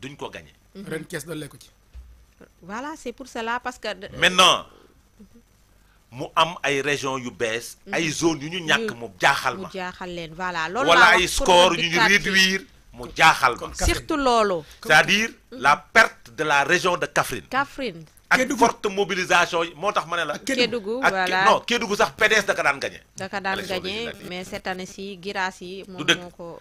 duñ ko gagné. Mhm. ren kees dollee ko ci. voilà c'est pour cela parce que. Euh, maintenant mu am ay régions yu bees. Mhm. ay zones yu ñu ñàkk mu jaaxal ma. mu jaaxal leen voilà loolu wala score yu ñu réduire mu jaaxal ma. surtout Lolo. c'est-à-dire mhm. la perte de la région de Kafrine. Kaffrine. ak forte mobilisation yi moo tax ma Kédougou voilà non Kédougou sax PDS da ka daan gagné. da ka daan gagné mais cette année ci Guirassy. du dëkk moom moo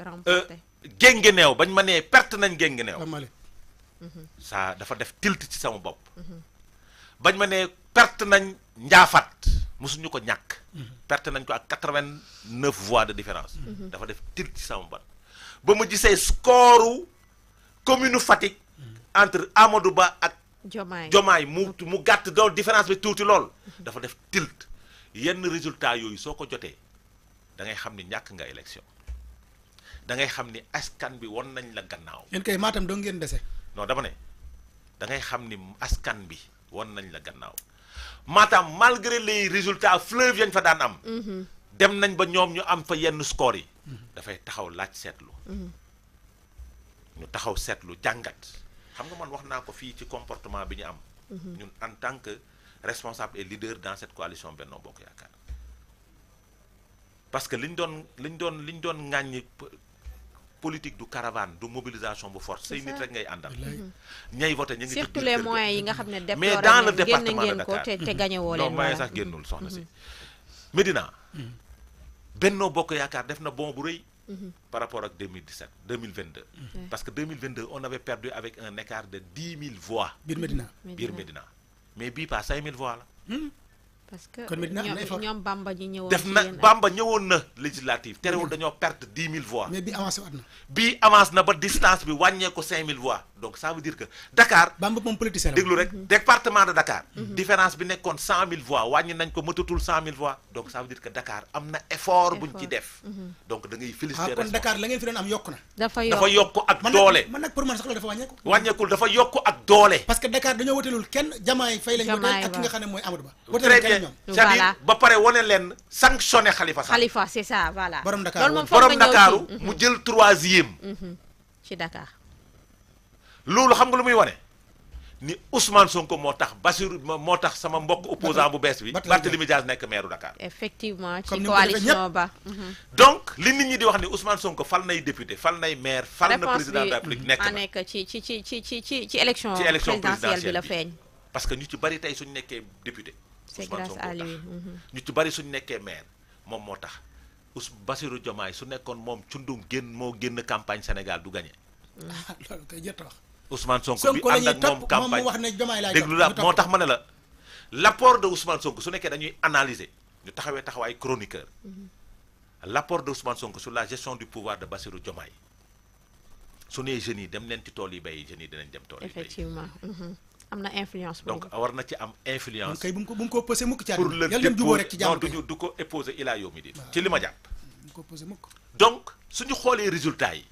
euh, euh, géngeneew bañ ma nee perte nañ géngeneew saa mhm. dafa def tilt ci sama bopp mhm. bañ ma nee perte nañ njaafat mosuñu ko ñàkk mhm. perte nañ ko ak quatre-vingt-neuf voix de différence dafa def tilt ci sama bopp ba ma gisee score commune Fatick entre Amadou Ba ak Jomaay Jomaay mu mu gàtt dool différence bi tuuti lool dafa def tilt yenn résultat yooyu soo ko jotee da ngay xam ni ñàkk nga élection da ngay xam ni askan bi won nañ la gannaaw. yéen kay maatam doo dese. non dama da ngay xam ni askan bi won nañ la gannaaw maatam malgré les résultats fleuves yañ fa daan am. Mhm. dem nañ ba ñoom ñu am fa yenn score yi. Mhm. dafay taxaw laaj seetlu. Mhm. ñu taxaw seetlu jàngat. xam nga man wax naa ko fii ci comportement bi ñu am. ñun en tant que responsable et leader dans cette coalition Benno Bokk Yaakaar parce que liñ doon liñ doon liñ doon ŋàññi politique du caravane de mobilisation bu force say nit rek ngay àndal. Mm-hmm. ñay voté ngi surtout les moyens mais dans le département de Dakar te te gagné woo leen moyens sax génnul soxna mm-hmm. si. Medina. Mm-hmm. Benno Bokk Yaakaar def na bon bu par rapport à 2017 2022. parce que 2022 on avait perdu avec un écart de 10 000 voix. Bir Medina Bir Medina mais bii pas 5 000 voix là. parce que Bamba ñëwoon na Bamba terewul dañoo perte dix mille voix. mais bii avancé waat avance na ba distance bi wàññeekul dafa yokku ak doole. parce que Dakar dañoo woteelul kenn jamaay fay lañ wote ki nga xam ne mooy Amadou Ba ñoom cest à ba pare wane leen sanctionné Khalifa Sall Khalifa c'est ça voilà borom Dakar borom Dakar mhm. mu jël troisième mhm. ci Dakar loolu xam nga lu muy wane ni Ousmane Sonko motax Bassirou motax sama mbokk opposant bu bess bi Barthélémy Dias nek maire Dakar effectivement ci coalition ba mhm. donc li nit ñi di wax ni Ousmane Sonko fal nay député fal nay maire fal na président de la République nek ci ci ci ci ci ci élection présidentielle bi la feeñ parce que ñu ci bari tay suñu nekké député c'est grâce à lui mhm. ñu ci bari suñu nekkee maire moom moo tax us Bassirou Diomaye su nekkoon moom cundum génn moo génn campagne Sénégal du gagné. Ah, loolu kay wax. Ousmane Sonko bi ànd ak moom campagne wax ne Diomaye laa déglu la moo tax ma ne la l'apport de Ousmane Sonko su nekkee dañuy analyser ñu taxawee taxawaay chroniqueur mhm. l'apport de Ousmane Sonko su la gestion du pouvoir de Bassirou Diomaye su nee jeunes yi dem leen ci tool yi béy jeunes yi dinañ dem tool yi béy amna influence. donc war na ci am influence. kay bu ko bu ko posé mukk ci yalla pour le rek ci jamm non du du ko opposé ilaa yow ci li ma jàpp. Mm, bu ko posé mukk. donc suñu xolé résultat yi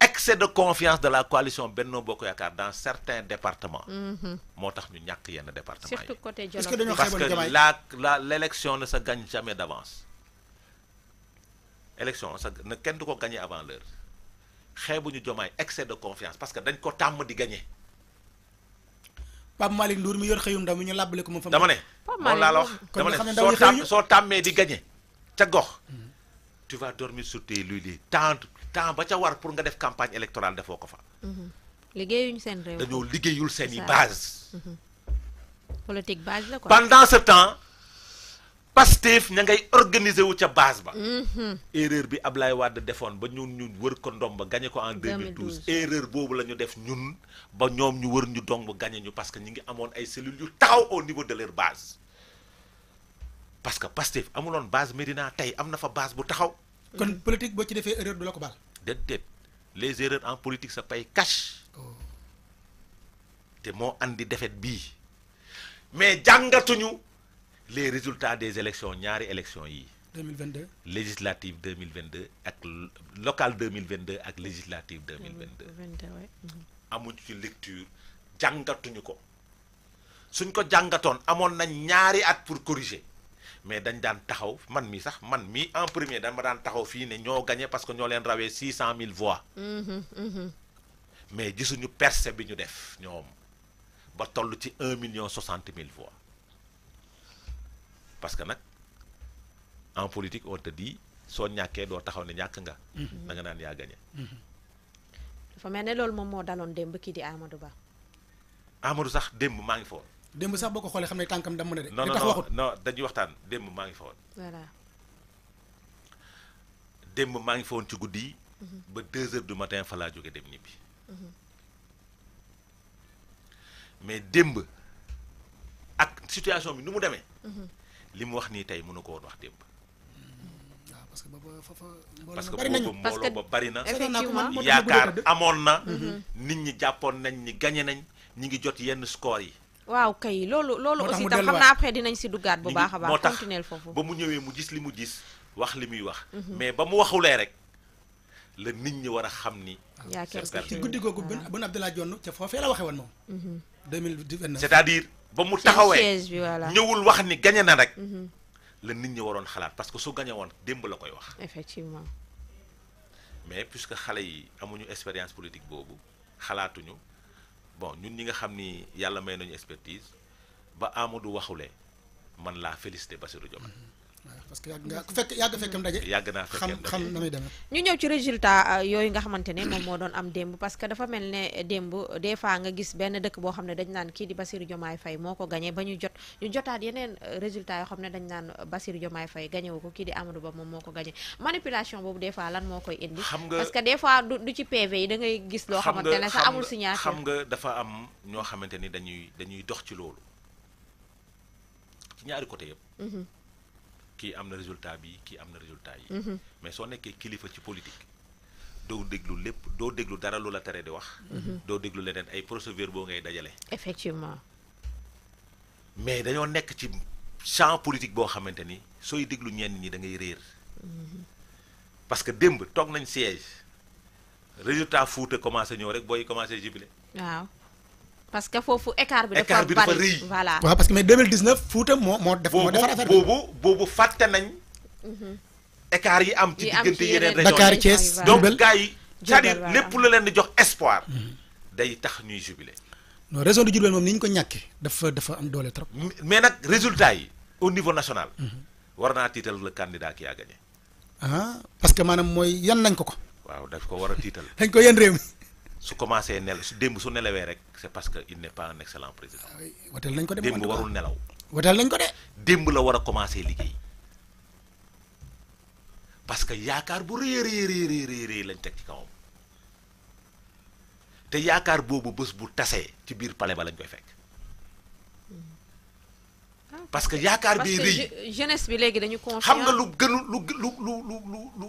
excès de confiance de la coalition Benno Bokk Yaakaar dans certains départements. Mm-hmm. motax ñu ñak yenn département yi. surtout côté parce que la la l'élection ne se gagne jamais d'avance. élection ne kenn du ko gagné avant l'heure xébuñu jomay excès de confiance parce que dañ ko tam di gagner pam malik Ndour mi yor xeyum ndaw ñu làbbale ko moom. fa dama né moom la wax dama ne so tàmm soo tàmmee di gagner ca gox. Mm-hmm. tu vas dormir sur tes luy temps temps ba ca war pour nga def campagne électorale defoo ko fa. Mm-hmm. liggéeyuñ sen réew. dañoo liggéeyul seen base. Mm-hmm. politique base la quoi. pendant ce temps. Pastef ña ngay organiser wu ca base ba. Mhm. erreur bi ab Ablaye Wade defoon ba ñun ñu wër ko ndomb gagné ko en 2012. erreur boobu la ñu def ñun ba ñoom ñu wër ñu domb gagné ñu parce que ñu ngi amoon ay cellules yu taxaw au niveau de leur base. parce que Pastef amuloon base Médina tey am na fa base bu taxaw. kon politique boo ci defee erreur du la ko baal. déedéet les erreurs en politique sa pay cash. Oh. te moo andi defet bii mais jàngatuñu. les résultats des élections ñaari élections yi 2022 législative 2022 ak local 2022 ak législative 2022 mhm. amuñ ci lecture jangatuñu ko suñ ko jangaton amon na ñaari at pour corriger mais dañ dan taxaw man mi sax man mi en premier dama dan taxaw fi ne ñoo gagner parce que ñoo leen rawee six cent mille voix mhm, mhm. mais gisuñu percée bi ñu def ñoom ba tollu ci un million soixante mille voix parce que nag en politique on te dit soo ñàkkee doo taxaw ne ñàkk nga. Mhm. da naan yaa gagné. Mhm. dafa mel ne loolu moom moo daloon démb kii di Amadou Ba. Amadou sax démb maa ngi foon. démb sax boo ko xoolee xam ne tànkam dam mën a de. non non non dañuy waxtaan démb maa ngi foon. voilà. maa ngi foon ci guddi yi. Mhm. ba deux heures du matin fa laa jóge dem ñibbi. mais démb ak situation bi nu mu demee. li mu wax nii tey mënu ko woon wax démb. Ah, parce que boobu mbooloo ba bari na yaakaar amoon na. Mhm. nit ñi jàppoon nañ ni gañe nañ ñi ngi jot yenn score yi. waaw kay loolu loolu aussi tam xam naa après dinañ si duggaat bu baax a tax continuer foofu ba mu ñëwee mu gis li mu gis wax li muy wax. Mhm. mais ba mu waxulee rek la nit ñi war a xam ni. yaakaar ci guddi googu bun Abdallah Dionne ca foofee la waxee woon moom. 2019 cest à ba mu taxawee wax ni gagné na rek mm-hmm. le nit ñi waron xalaat parce que su gagné won demb la koy wax effectivement mais puisque xalé yi amuñu expérience politique boobu xalaatuñu bon ñun ñi nga xamni yalla may nañu expertise ba Amadou waxulé man la félicité Bassirou Diomaye mm-hmm. parce que yàgg nga fekk yàgg naa fekkem daje xam xam na muy demee. ñu ñëw ci résultat euh, yooyu nga xamante ne moom moo doon am démb parce que dafa mel ne démb des fois nga gis benn dëkk boo xam ne dañ naan kii di Bassirou Diomaye Faye moo ko gagné ba ñu jot ñu jotaat euh, résultat yoo xam ne dañ naan Bassirou Diomaye Faye gagné wu ko kii di Amadou Ba moom moo ko gagné manipulation boobu des fois lan moo koy indi. xam nga parce que des fois du ci PV yi da ngay gis. loo xamante ne sax amul signature xam nga dafa am ñoo xamante ni dañuy dañuy dox ci loolu ci ñaari côté yëpp mhm. kii am na résultat bi kii am na résultat yi. Mhm. mais soo nekkee kilifa ci politique. doo déglu lépp doo déglu dara lu la tere di wax. Mhm. doo déglu leneen ay procès boo ngay dajale. effectivement. mais dañoo nekk ci champ politique boo xamante ni sooy déglu ñenn ñi da ngay réer. Mhm. parce que démb toog nañ siège résultat Fuuta commencé ñëw rek booy commencé jubilé. waaw parce que foofu écart bi. dafa bari écart bi dafa rëy. voilà waaw parce que mais 2019 Fouta moo moo def. moo defar affaire bi boobu boobu fàtte nañ. écart yi am. ci diggante yeneen régions Dakar Thiès donc gars yi. cest à lépp lu leen di jox espoir. Mhm. day tax ñuy jubilé. non région de Diourbel moom ni ñu ko ñàkkee dafa dafa am doole trop. mais nag résultat yi au niveau national. Mhm. war naa tiital le candidat qui a gagné. ah parce que maanaam mooy yan nañ ko ko. waaw daf ko war a tiital. dañ ko yen su commencé nel su démb su nelawee rek c'est parce que il n'est pas un excellent président. Ah woteel nañ ko de démb warul nelaw. ko de. démb la war a commencé liggéey parce que yaakaar bu rëy a rëy lañ teg ci kawam te yaakaar boobu bés bu tasee ci biir pale ba lañ koy fekk. parce que yaakaar bi rëy jeunesse bi léegi dañu. confiance xam nga lu gënu lu lu lu lu lu.